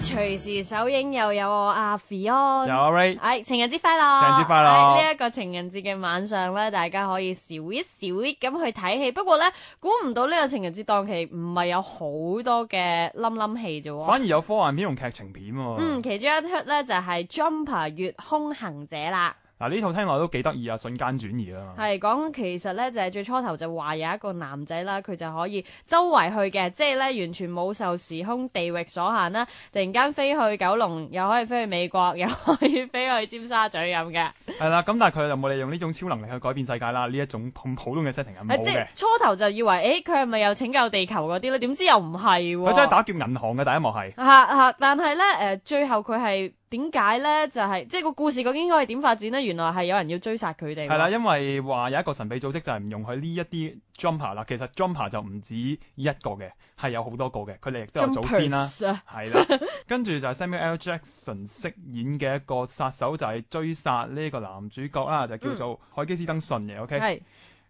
隨時首映又有阿 Fion，有 Ray，係情人節快樂，情人節快樂。呢一個情人節嘅晚上咧，大家可以少一少一咁去睇戲。不過咧，估唔到呢個情人節檔期唔係有好多嘅冧冧戲啫，反而有科幻片同劇情片喎。嗯，其中一出咧就係《Jumper 越空行者》啦。嗱呢、啊、套聽落都幾得意啊，瞬間轉移嘛。係講其實咧就係、是、最初頭就話有一個男仔啦，佢就可以周圍去嘅，即係咧完全冇受時空地域所限啦，突然間飛去九龍，又可以飛去美國，又可以飛去尖沙咀咁嘅。係啦，咁但係佢有冇利用呢種超能力去改變世界啦？呢一種咁普通嘅 setting 咁好嘅。即係初頭就以為誒佢係咪又拯救地球嗰啲咧？點知又唔係喎。佢真係打劫銀行嘅第一幕係。吓吓、啊啊，但係咧誒，最後佢係。點解咧？就係、是、即係個故事究竟應該係點發展咧？原來係有人要追殺佢哋。係啦，因為話有一個神秘組織就係唔容許呢一啲 jumper 啦。其實 jumper 就唔止一個嘅，係有好多個嘅。佢哋亦都有祖先啦。係啦，跟住就係 Samuel L. Jackson 飾演嘅一個殺手就係追殺呢個男主角啦，就叫做海基斯登遜嘅。嗯、OK，係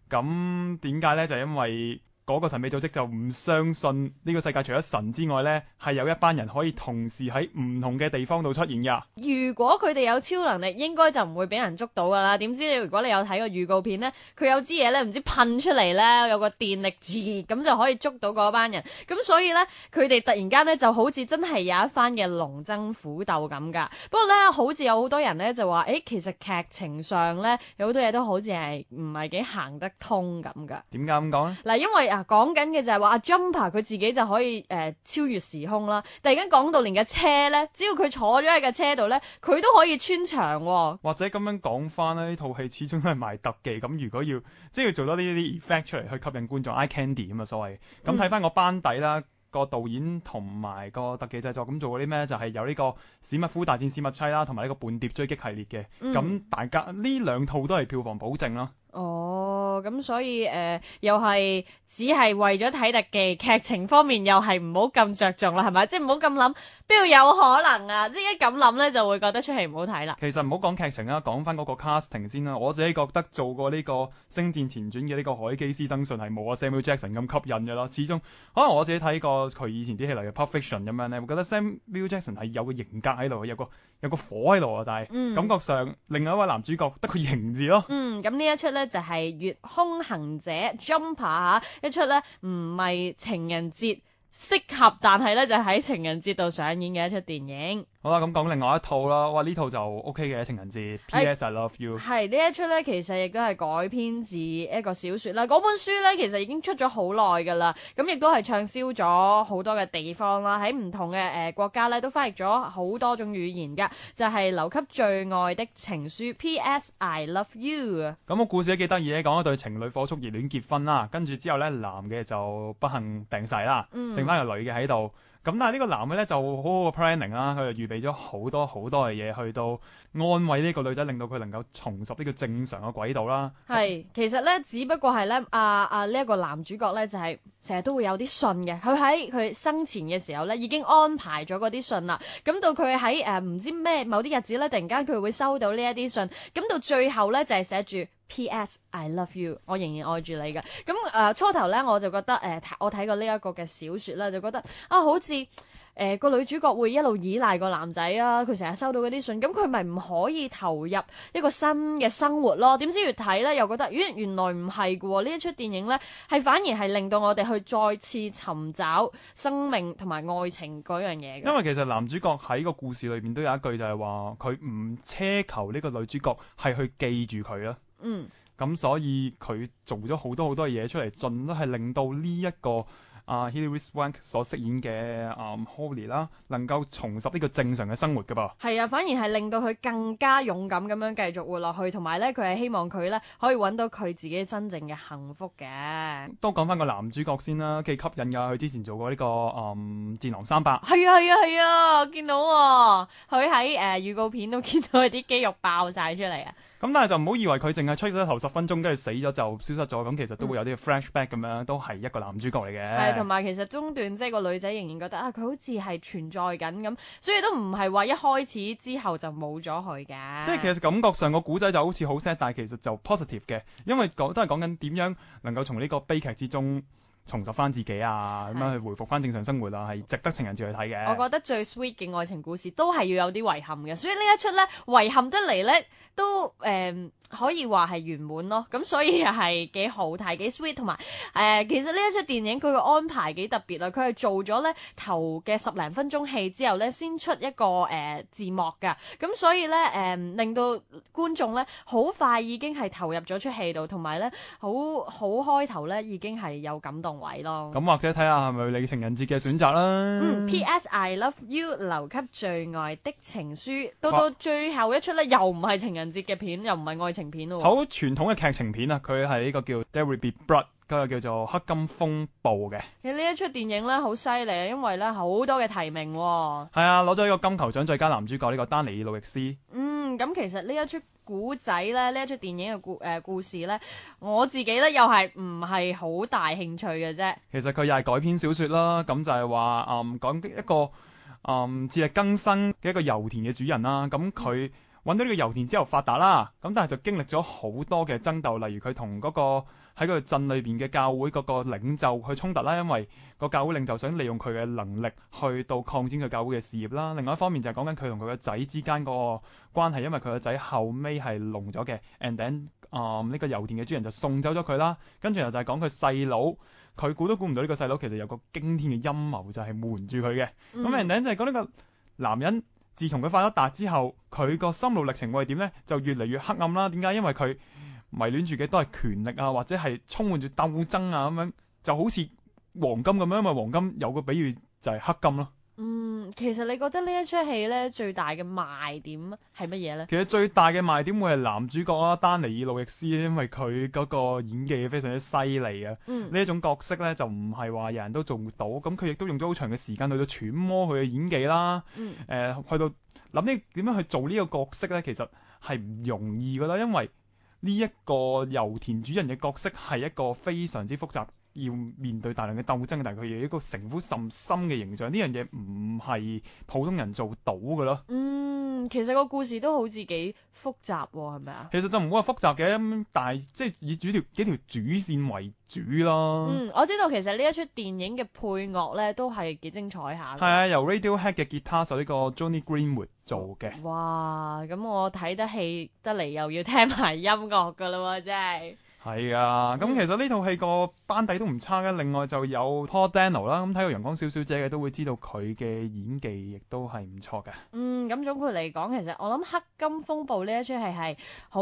咁點解咧？就係、因為。嗰個神秘組織就唔相信呢個世界除咗神之外呢，係有一班人可以同時喺唔同嘅地方度出現㗎。如果佢哋有超能力，應該就唔會俾人捉到㗎啦。點知你，如果你有睇過預告片呢，佢有支嘢呢唔知噴出嚟呢，有個電力字咁就可以捉到嗰班人。咁所以呢，佢哋突然間呢就好似真係有一番嘅龍爭虎鬥咁㗎。不過呢，好似有好多人呢就話，誒、欸，其實劇情上呢，有好多嘢都好似係唔係幾行得通咁㗎。點解咁講咧？嗱，因為講緊嘅就係話阿 Jumper 佢自己就可以誒、呃、超越時空啦。突然間講到連架車咧，只要佢坐咗喺架車度咧，佢都可以穿牆、哦。或者咁樣講翻咧，呢套戲始終都係賣特技。咁如果要即係做多呢啲 effect 出嚟去吸引觀眾，I candy 咁啊，所謂。咁睇翻個班底啦，個、嗯、導演同埋個特技製作，咁做嗰啲咩就係、是、有呢個史密夫大戰史密妻啦，同埋呢個叛諜追擊系列嘅。咁、嗯、大家呢兩套都係票房保證啦。哦。哦，咁所以誒，又係只係為咗睇特技，劇情方面又係唔好咁着重啦，係咪？即係唔好咁諗，邊有可能啊？即係一咁諗咧，就會覺得出戲唔好睇啦。其實唔好講劇情啊，講翻嗰個 casting 先啦。我自己覺得做過呢個《星戰前傳》嘅呢個海基斯登順係冇阿 Samuel Jackson 咁吸引嘅咯。始終可能我自己睇過佢以前啲戲，嚟嘅《Pulp Fiction》咁樣咧，會覺得 Samuel Jackson 係有個型格喺度，有個有個火喺度啊，但係感覺上另外一位男主角得佢型字咯。嗯，咁呢一出咧就係越空行者 Jumper 嚇一出咧，唔係情人節適合，但係咧就喺情人節度上演嘅一出電影。好啦，咁講另外一套啦，哇！呢套就 OK 嘅情人節。P.S.、欸、I love you。係呢一出咧，其實亦都係改編自一個小說啦。嗰本書咧，其實已經出咗好耐噶啦，咁亦都係暢銷咗好多嘅地方啦。喺唔同嘅誒、呃、國家咧，都翻譯咗好多種語言噶，就係、是、留給最愛的情書。P.S. I love you。咁個故事都幾得意咧，講一對情侶火速熱戀結婚啦，跟住之後咧，男嘅就不幸病逝啦，嗯、剩翻個女嘅喺度。咁但係呢個男嘅咧就好好嘅 planning 啦，佢就預備咗好多好多嘅嘢，去到安慰呢個女仔，令到佢能夠重拾呢個正常嘅軌道啦。係是，我其實咧只不過係咧啊啊呢一個男主角咧就係成日都會有啲信嘅，佢喺佢生前嘅時候咧已經安排咗嗰啲信啦。咁到佢喺誒唔知咩某啲日子咧，突然間佢會收到呢一啲信，咁到最後咧就係寫住。P.S. I love you，我仍然愛住你噶。咁誒、呃，初頭呢，我就覺得誒、呃，我睇過呢一個嘅小說啦，就覺得啊，好似誒、呃個女主角會一路依賴個男仔啊，佢成日收到嗰啲信，咁佢咪唔可以投入一個新嘅生活咯？點知越睇呢，又覺得原原來唔係噶。呢一出電影呢，係反而係令到我哋去再次尋找生命同埋愛情嗰樣嘢嘅。因為其實男主角喺個故事裏面都有一句就係話，佢唔奢求呢個女主角係去記住佢啦。嗯，咁所以佢做咗好多好多嘢出嚟，盡都係令到呢、這、一個啊、呃、Hilary Swank 所飾演嘅啊、呃、Holly 啦，能夠重拾呢個正常嘅生活噶噃。係啊，反而係令到佢更加勇敢咁樣繼續活落去，同埋咧佢係希望佢咧可以揾到佢自己真正嘅幸福嘅。都講翻個男主角先啦，幾吸引噶，佢之前做過呢、這個誒、呃《戰狼300》，係啊係啊係啊，見、啊啊、到喎、哦，佢喺誒預告片都見到佢啲肌肉爆晒出嚟啊！咁但係就唔好以為佢淨係吹咗頭十分鐘跟住死咗就消失咗，咁其實都會有啲 flashback 咁樣，都係一個男主角嚟嘅。係同埋其實中段即係、就是、個女仔仍然覺得啊，佢好似係存在緊咁，所以都唔係話一開始之後就冇咗佢嘅。即係其實感覺上個古仔就好似好 sad，但係其實就 positive 嘅，因為講都係講緊點樣能夠從呢個悲劇之中重拾翻自己啊，咁樣去回復翻正常生活啊，係值得情人節去睇嘅。我覺得最 sweet 嘅愛情故事都係要有啲遺憾嘅，所以呢一出咧遺憾得嚟咧。都誒。Um. 可以話係圓滿咯，咁所以又係幾好睇，幾 sweet，同埋誒其實呢一出電影佢嘅安排幾特別啊，佢係做咗咧頭嘅十零分鐘戲之後咧，先出一個誒字幕噶，咁所以咧誒令到觀眾咧好快已經係投入咗出戲度，同埋咧好好開頭咧已經係有感動位咯。咁或者睇下係咪你情人節嘅選擇啦。嗯，P.S. I love you 留給最愛的情書。到到最後一出咧，又唔係情人節嘅片，又唔係愛情。情片好傳統嘅劇情片啊，佢係呢個叫《There Will Be Blood》，佢又叫做《黑金風暴》嘅。其實呢一出電影咧好犀利啊，因為咧好多嘅提名、哦。係啊，攞咗呢個金球獎最佳男主角呢、這個丹尼路易斯。嗯，咁其實一呢一出古仔咧，呢一出電影嘅故誒、呃、故事咧，我自己咧又係唔係好大興趣嘅啫。其實佢又係改編小説啦，咁就係話誒講一個誒致力更新嘅一個油田嘅主人啦，咁佢、嗯。揾到呢個油田之後發達啦，咁但係就經歷咗好多嘅爭鬥，例如佢同嗰個喺個鎮裏邊嘅教會嗰個領袖去衝突啦，因為個教會領袖想利用佢嘅能力去到擴展佢教會嘅事業啦。另外一方面就係講緊佢同佢個仔之間個關係，因為佢個仔後尾係聾咗嘅，and then 啊、嗯、呢個油田嘅主人就送走咗佢啦。跟住又就係講佢細佬，佢估都估唔到呢個細佬其實有個驚天嘅陰謀就係瞞住佢嘅。咁、嗯、and then 就係講呢個男人。自從佢發咗達之後，佢個心路歷程會係點呢？就越嚟越黑暗啦。點解？因為佢迷戀住嘅都係權力啊，或者係充滿住鬥爭啊咁樣，就好似黃金咁樣。因為黃金有個比喻就係黑金咯。嗯，其實你覺得一呢一出戲咧最大嘅賣點係乜嘢咧？其實最大嘅賣點會係男主角啦，丹尼爾路易斯，因為佢嗰個演技非常之犀利啊！呢一、嗯、種角色咧就唔係話人人都做到，咁佢亦都用咗好長嘅時間去到揣摩佢嘅演技啦。誒、嗯呃，去到諗呢點樣去做呢個角色咧，其實係唔容易噶啦，因為呢一個油田主人嘅角色係一個非常之複雜。要面對大量嘅鬥爭，但係佢有一個城府甚深嘅形象，呢樣嘢唔係普通人做到噶咯。嗯，其實個故事都好似幾複雜，哦，係咪啊？其實就唔會話複雜嘅，但、嗯、係即係以主條幾條主線為主啦。嗯，我知道其實呢一出電影嘅配樂咧都係幾精彩下。係、嗯、啊，由 Radiohead 嘅吉他手呢、呢個 Johnny Greenwood 做嘅。哇，咁我睇得戲得嚟又要聽埋音樂噶啦，真係。係啊，咁其實呢套戲個班底都唔差嘅，另外就有 Paul Daniel 啦，咁睇過《陽光小小姐》嘅都會知道佢嘅演技亦都係唔錯嘅。嗯，咁總括嚟講，其實我諗《黑金風暴》呢一出戲係好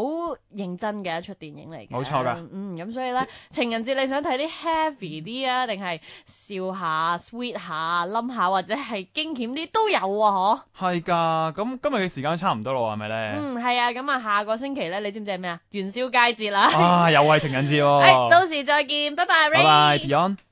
認真嘅一出電影嚟嘅，冇錯噶。嗯，咁所以咧，情人節你想睇啲 heavy 啲啊，定係笑下 sweet 下冧下，或者係驚險啲都有啊？嗬，係噶，咁今日嘅時間差唔多啦，係咪咧？嗯，係啊，咁啊，下個星期咧，你知唔知係咩啊？元宵佳節啦，啊，又係。情人節喎，誒，到時再見，拜拜 bye ,